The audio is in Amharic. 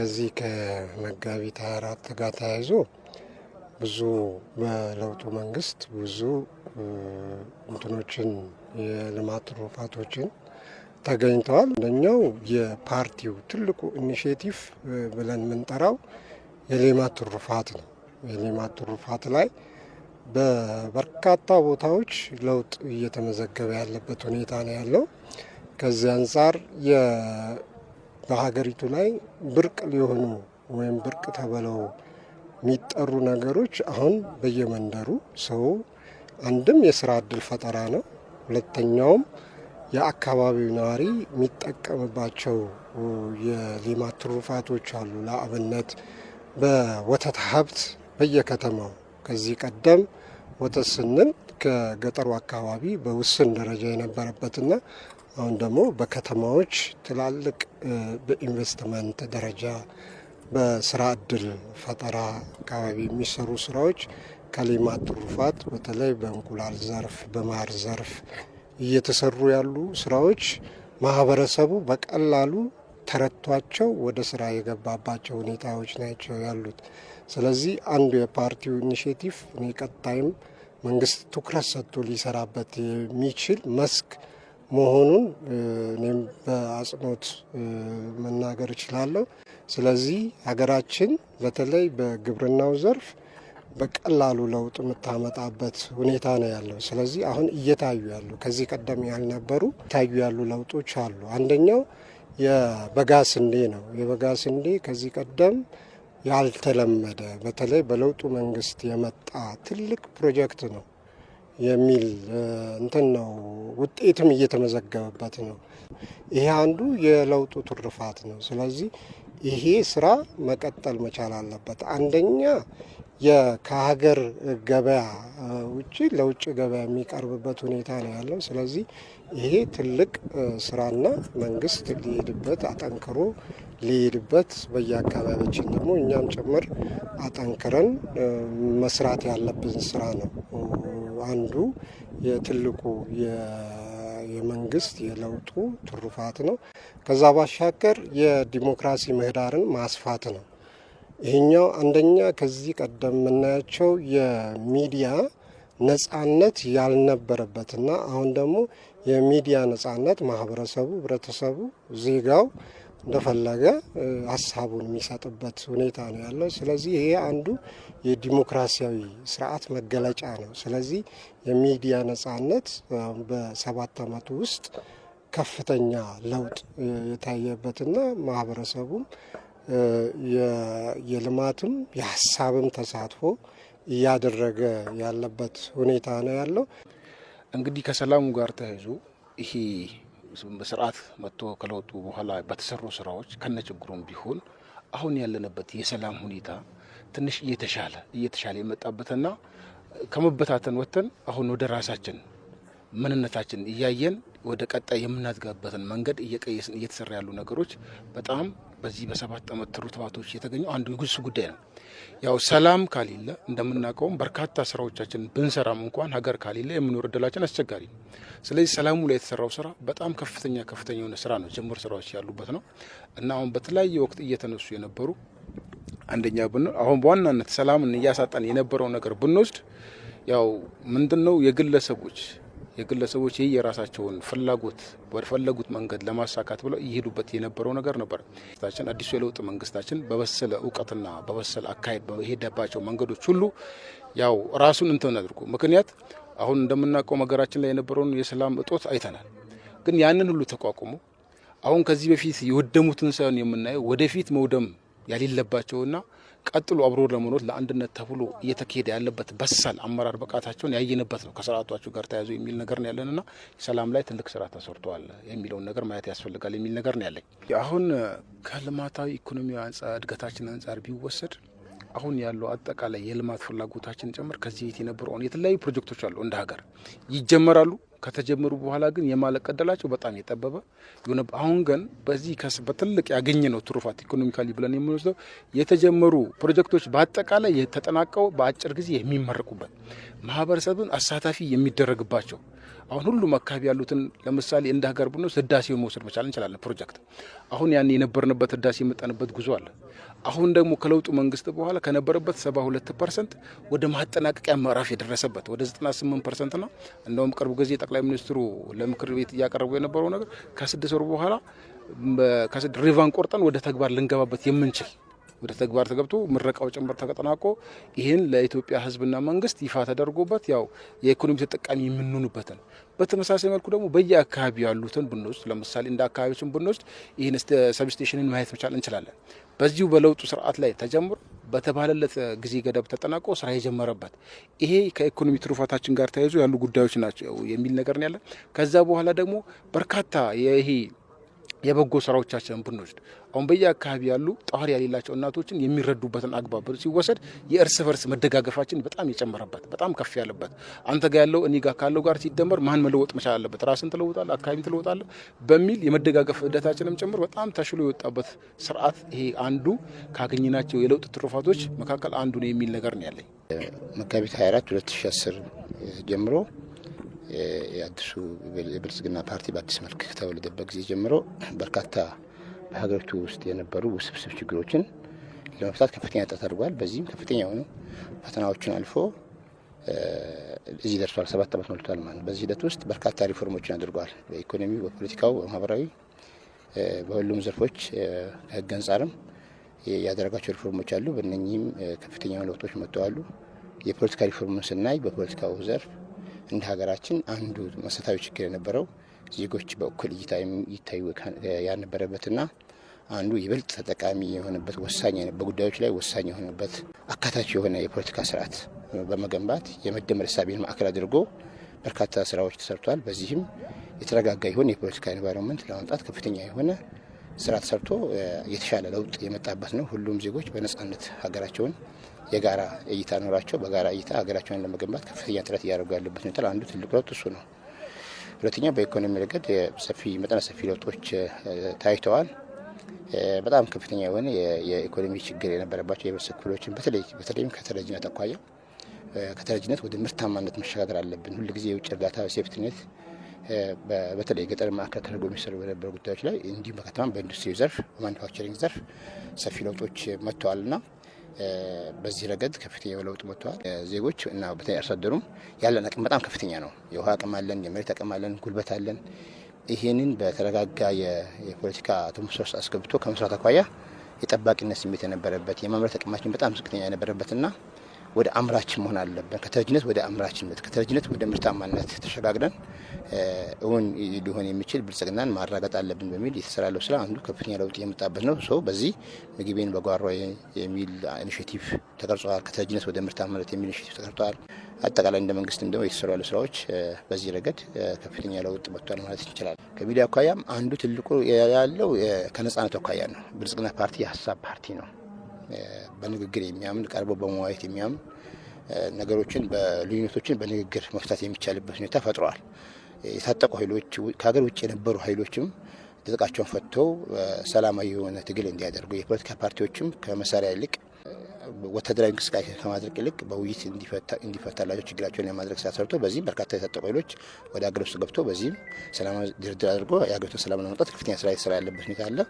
ከዚህ ከመጋቢት 24 ጋር ተያይዞ ብዙ በለውጡ መንግስት ብዙ እንትኖችን የልማት ትሩፋቶችን ተገኝተዋል። አንደኛው የፓርቲው ትልቁ ኢኒሽቲቭ ብለን የምንጠራው የሌማት ትሩፋት ነው። የሌማት ትሩፋት ላይ በበርካታ ቦታዎች ለውጥ እየተመዘገበ ያለበት ሁኔታ ነው ያለው። ከዚህ አንጻር በሀገሪቱ ላይ ብርቅ ሊሆኑ ወይም ብርቅ ተብለው የሚጠሩ ነገሮች አሁን በየመንደሩ ሰው አንድም የስራ እድል ፈጠራ ነው፣ ሁለተኛውም የአካባቢው ነዋሪ የሚጠቀምባቸው የሌማት ትሩፋቶች አሉ። ለአብነት በወተት ሀብት በየከተማው ከዚህ ቀደም ወተት ስንል ከገጠሩ አካባቢ በውስን ደረጃ የነበረበትና አሁን ደግሞ በከተማዎች ትላልቅ በኢንቨስትመንት ደረጃ በስራ እድል ፈጠራ አካባቢ የሚሰሩ ስራዎች ከሌማት ትሩፋት በተለይ በእንቁላል ዘርፍ በማር ዘርፍ እየተሰሩ ያሉ ስራዎች ማህበረሰቡ በቀላሉ ተረቷቸው ወደ ስራ የገባባቸው ሁኔታዎች ናቸው ያሉት። ስለዚህ አንዱ የፓርቲው ኢኒሽቲቭ እኔ ቀጣይም መንግስት ትኩረት ሰጥቶ ሊሰራበት የሚችል መስክ መሆኑን እኔም በአጽንኦት መናገር እችላለሁ። ስለዚህ ሀገራችን በተለይ በግብርናው ዘርፍ በቀላሉ ለውጥ የምታመጣበት ሁኔታ ነው ያለው። ስለዚህ አሁን እየታዩ ያሉ ከዚህ ቀደም ያልነበሩ እየታዩ ያሉ ለውጦች አሉ። አንደኛው የበጋ ስንዴ ነው። የበጋ ስንዴ ከዚህ ቀደም ያልተለመደ በተለይ በለውጡ መንግስት የመጣ ትልቅ ፕሮጀክት ነው የሚል እንትን ነው ውጤትም እየተመዘገበበት ነው። ይሄ አንዱ የለውጡ ትሩፋት ነው። ስለዚህ ይሄ ስራ መቀጠል መቻል አለበት። አንደኛ ከሀገር ገበያ ውጭ ለውጭ ገበያ የሚቀርብበት ሁኔታ ነው ያለው። ስለዚህ ይሄ ትልቅ ስራና መንግስት ሊሄድበት አጠንክሮ ሊሄድበት በየአካባቢያችን ደግሞ እኛም ጭምር አጠንክረን መስራት ያለብን ስራ ነው። አንዱ የትልቁ የመንግስት የለውጡ ትሩፋት ነው። ከዛ ባሻገር የዲሞክራሲ ምህዳርን ማስፋት ነው። ይህኛው አንደኛ ከዚህ ቀደም የምናያቸው የሚዲያ ነጻነት ያልነበረበትና አሁን ደግሞ የሚዲያ ነጻነት ማህበረሰቡ፣ ህብረተሰቡ፣ ዜጋው እንደፈለገ ሀሳቡን የሚሰጥበት ሁኔታ ነው ያለው። ስለዚህ ይሄ አንዱ የዲሞክራሲያዊ ስርዓት መገለጫ ነው። ስለዚህ የሚዲያ ነጻነት በሰባት አመቱ ውስጥ ከፍተኛ ለውጥ የታየበትና ማህበረሰቡም የልማትም የሀሳብም ተሳትፎ እያደረገ ያለበት ሁኔታ ነው ያለው። እንግዲህ ከሰላሙ ጋር ተያይዞ ይሄ ስርዓት መጥቶ ከለውጡ በኋላ በተሰሩ ስራዎች ከነችግሩም ቢሆን አሁን ያለንበት የሰላም ሁኔታ ትንሽ እየተሻለ እየተሻለ የመጣበትና ከመበታተን ወጥተን አሁን ወደ ራሳችን ምንነታችን እያየን ወደ ቀጣይ የምናዝጋበትን መንገድ እየቀየስን እየተሰራ ያሉ ነገሮች በጣም በዚህ በሰባት ዓመት ትሩፋቶች የተገኙ አንዱ የጉስ ጉዳይ ነው። ያው ሰላም ካሌለ እንደምናውቀውም በርካታ ስራዎቻችን ብንሰራም እንኳን ሀገር ካሌለ የምኖር እድላችን አስቸጋሪ ነው። ስለዚህ ሰላሙ ላይ የተሰራው ስራ በጣም ከፍተኛ ከፍተኛ የሆነ ስራ ነው፣ ጅምር ስራዎች ያሉበት ነው እና አሁን በተለያየ ወቅት እየተነሱ የነበሩ አንደኛ ብን አሁን በዋናነት ሰላምን እያሳጣን የነበረው ነገር ብንወስድ ያው ምንድን ነው የግለሰቦች የግለሰቦች ይህ የራሳቸውን ፍላጎት ፈለጉት መንገድ ለማሳካት ብለው እየሄዱበት የነበረው ነገር ነበር። ታችን አዲሱ የለውጥ መንግስታችን በበሰለ እውቀትና በበሰለ አካሄድ በሄደባቸው መንገዶች ሁሉ ያው ራሱን እንትን አድርጎ ምክንያት አሁን እንደምናውቀው ሀገራችን ላይ የነበረውን የሰላም እጦት አይተናል። ግን ያንን ሁሉ ተቋቁሞ አሁን ከዚህ በፊት የወደሙትን ሳይሆን የምናየው ወደፊት መውደም ያሌለባቸውና ቀጥሎ አብሮ ለመኖር ለአንድነት ተብሎ እየተካሄደ ያለበት በሳል አመራር ብቃታቸውን ያየንበት ነው። ከስርዓቷቸው ጋር ተያይዞ የሚል ነገር ነው ያለንና ሰላም ላይ ትልቅ ስራ ተሰርተዋል የሚለውን ነገር ማየት ያስፈልጋል የሚል ነገር ነው ያለኝ። አሁን ከልማታዊ ኢኮኖሚ እድገታችን አንጻር ቢወሰድ አሁን ያለው አጠቃላይ የልማት ፍላጎታችን ጭምር ከዚህ የነበረውን የተለያዩ ፕሮጀክቶች አሉ እንደ ሀገር ይጀመራሉ ከተጀመሩ በኋላ ግን የማለቅ በጣም የጠበበ ሆነ። አሁን ግን በዚህ በትልቅ ያገኘ ነው ትሩፋት ኢኮኖሚካሊ ብለን የምንወስደው የተጀመሩ ፕሮጀክቶች በአጠቃላይ የተጠናቀው በአጭር ጊዜ የሚመረቁበት ማህበረሰብን አሳታፊ የሚደረግባቸው አሁን ሁሉም አካባቢ ያሉትን ለምሳሌ እንደ ሀገር ብንወስድ ህዳሴውን መውሰድ መቻል እንችላለን። ፕሮጀክት አሁን ያን የነበርንበት ህዳሴ የመጣንበት ጉዞ አለ። አሁን ደግሞ ከለውጡ መንግስት በኋላ ከነበረበት 72 ፐርሰንት ወደ ማጠናቀቂያ ምዕራፍ የደረሰበት ወደ 98 ፐርሰንት ነው። እንደውም ቅርቡ ጊዜ ጠቅላይ ሚኒስትሩ ለምክር ቤት እያቀረቡ የነበረው ነገር ከስድስት ወር በኋላ ከስድስት ሪቫን ቆርጠን ወደ ተግባር ልንገባበት የምንችል ወደ ተግባር ተገብቶ ምረቃው ጭምር ተጠናቆ ይህን ለኢትዮጵያ ህዝብና መንግስት ይፋ ተደርጎበት ያው የኢኮኖሚ ተጠቃሚ የምንሆኑበትን በተመሳሳይ መልኩ ደግሞ በየአካባቢ ያሉትን ብንወስድ ለምሳሌ እንደ አካባቢዎችን ብንወስድ ይህን ሰብስቴሽንን ማየት መቻል እንችላለን። በዚሁ በለውጡ ስርዓት ላይ ተጀምሮ በተባለለት ጊዜ ገደብ ተጠናቆ ስራ የጀመረበት ይሄ ከኢኮኖሚ ትሩፋታችን ጋር ተያይዞ ያሉ ጉዳዮች ናቸው የሚል ነገር ያለ ከዛ በኋላ ደግሞ በርካታ ይሄ የበጎ ስራዎቻችንን ብንወስድ አሁን በየአካባቢ ያሉ ጧሪ የሌላቸው እናቶችን የሚረዱበትን አግባብ ሲወሰድ የእርስ በርስ መደጋገፋችን በጣም የጨመረበት በጣም ከፍ ያለበት አንተ ጋ ያለው እኔ ጋር ካለው ጋር ሲደመር ማን መለወጥ መቻል አለበት ራስን ትለውጣለ አካባቢ ትለውጣለህ በሚል የመደጋገፍ እደታችንም ጭምር በጣም ተሽሎ የወጣበት ስርዓት ይሄ አንዱ ካገኘናቸው የለውጥ ትሩፋቶች መካከል አንዱ ነው የሚል ነገር ነው ያለኝ። መጋቢት 24 2010 ጀምሮ የአዲሱ የብልጽግና ፓርቲ በአዲስ መልክ ከተወለደበት ጊዜ ጀምሮ በርካታ በሀገሪቱ ውስጥ የነበሩ ውስብስብ ችግሮችን ለመፍታት ከፍተኛ ጥረት አድርጓል። በዚህም ከፍተኛ የሆኑ ፈተናዎችን አልፎ እዚህ ደርሷል። ሰባት ዓመት ሞልቷል ማለት በዚህ ሂደት ውስጥ በርካታ ሪፎርሞችን አድርጓል። በኢኮኖሚው፣ በፖለቲካው፣ በማህበራዊ በሁሉም ዘርፎች ከህግ አንጻርም ያደረጋቸው ሪፎርሞች አሉ። በእነኚህም ከፍተኛ ለውጦች መጥተዋሉ። የፖለቲካ ሪፎርምን ስናይ በፖለቲካው ዘርፍ እንደ ሀገራችን አንዱ መሰረታዊ ችግር የነበረው ዜጎች በእኩል እይታ ይታዩ ያልነበረበትና አንዱ ይበልጥ ተጠቃሚ የሆነበት ወሳኝ በጉዳዮች ላይ ወሳኝ የሆነበት አካታች የሆነ የፖለቲካ ስርዓት በመገንባት የመደመር እሳቤን ማዕከል አድርጎ በርካታ ስራዎች ተሰርቷል። በዚህም የተረጋጋ የሆነ የፖለቲካ ኤንቫይሮንመንት ለማምጣት ከፍተኛ የሆነ ስራ ተሰርቶ የተሻለ ለውጥ የመጣበት ነው። ሁሉም ዜጎች በነጻነት ሀገራቸውን የጋራ እይታ ኖራቸው በጋራ እይታ ሀገራቸውን ለመገንባት ከፍተኛ ጥረት እያደረጉ ያለበት ሁኔታ አንዱ ትልቅ ለውጥ እሱ ነው። ሁለተኛ በኢኮኖሚ ረገድ ሰፊ መጠነ ሰፊ ለውጦች ታይተዋል። በጣም ከፍተኛ የሆነ የኢኮኖሚ ችግር የነበረባቸው የህብረተሰብ ክፍሎችን በተለይ በተለይም ከተረጅነት አኳያ ከተረጅነት ወደ ምርታማነት መሸጋገር አለብን። ሁልጊዜ የውጭ እርዳታ ሴፍትነት በተለይ ገጠር ማዕከል ተደርጎ የሚሰሩ በነበሩ ጉዳዮች ላይ እንዲሁም በከተማ በኢንዱስትሪ ዘርፍ በማኒፋክቸሪንግ ዘርፍ ሰፊ ለውጦች ና በዚህ ረገድ ከፍተኛ ለውጥ መጥተዋል። ዜጎች እና በተለይ አርሶ አደሩም ያለን አቅም በጣም ከፍተኛ ነው። የውሃ አቅም አለን፣ የመሬት አቅም አለን፣ ጉልበት አለን። ይህንን በተረጋጋ የፖለቲካ ተሞሶ ውስጥ አስገብቶ ከመስራት አኳያ የጠባቂነት ስሜት የነበረበት የማምረት አቅማችን በጣም ዝቅተኛ ና ወደ አምራች መሆን አለብን። ከተረጅነት ወደ አምራችነት፣ ከተረጅነት ወደ ምርታማነት ተሸጋግረን እውን ሊሆን የሚችል ብልጽግናን ማራገጥ አለብን በሚል የተሰራለው ስራ አንዱ ከፍተኛ ለውጥ የመጣበት ነው። ሰው በዚህ ምግቤን በጓሮ የሚል ኢኒሽቲቭ ተቀርጸዋል። ከተረጅነት ወደ ምርታማነት የሚል ኢኒሽቲቭ ተቀርጠዋል። አጠቃላይ እንደ መንግስትም ደግሞ የተሰሩ ያሉ ስራዎች በዚህ ረገድ ከፍተኛ ለውጥ መጥቷል ማለት ይችላል። ከሚዲያ አኳያም አንዱ ትልቁ ያለው ከነጻነት አኳያ ነው። ብልጽግና ፓርቲ የሀሳብ ፓርቲ ነው። በንግግር የሚያምን ቀርቦ በመዋየት የሚያምን ነገሮችን ልዩነቶችን በንግግር መፍታት የሚቻልበት ሁኔታ ፈጥረዋል። የታጠቁ ኃይሎች ከሀገር ውጭ የነበሩ ኃይሎችም ትጥቃቸውን ፈትተው ሰላማዊ የሆነ ትግል እንዲያደርጉ የፖለቲካ ፓርቲዎችም ከመሳሪያ ይልቅ ወታደራዊ እንቅስቃሴ ከማድረግ ይልቅ በውይይት እንዲፈታላቸው ችግራቸውን ለማድረግ ስራ ሰርቶ በዚህም በርካታ የታጠቁ ኃይሎች ወደ ሀገር ውስጥ ገብቶ በዚህም ሰላማዊ ድርድር አድርጎ የሀገሪቱን ሰላም ለማምጣት ከፍተኛ ስራ የተሰራ ያለበት ሁኔታ አለ።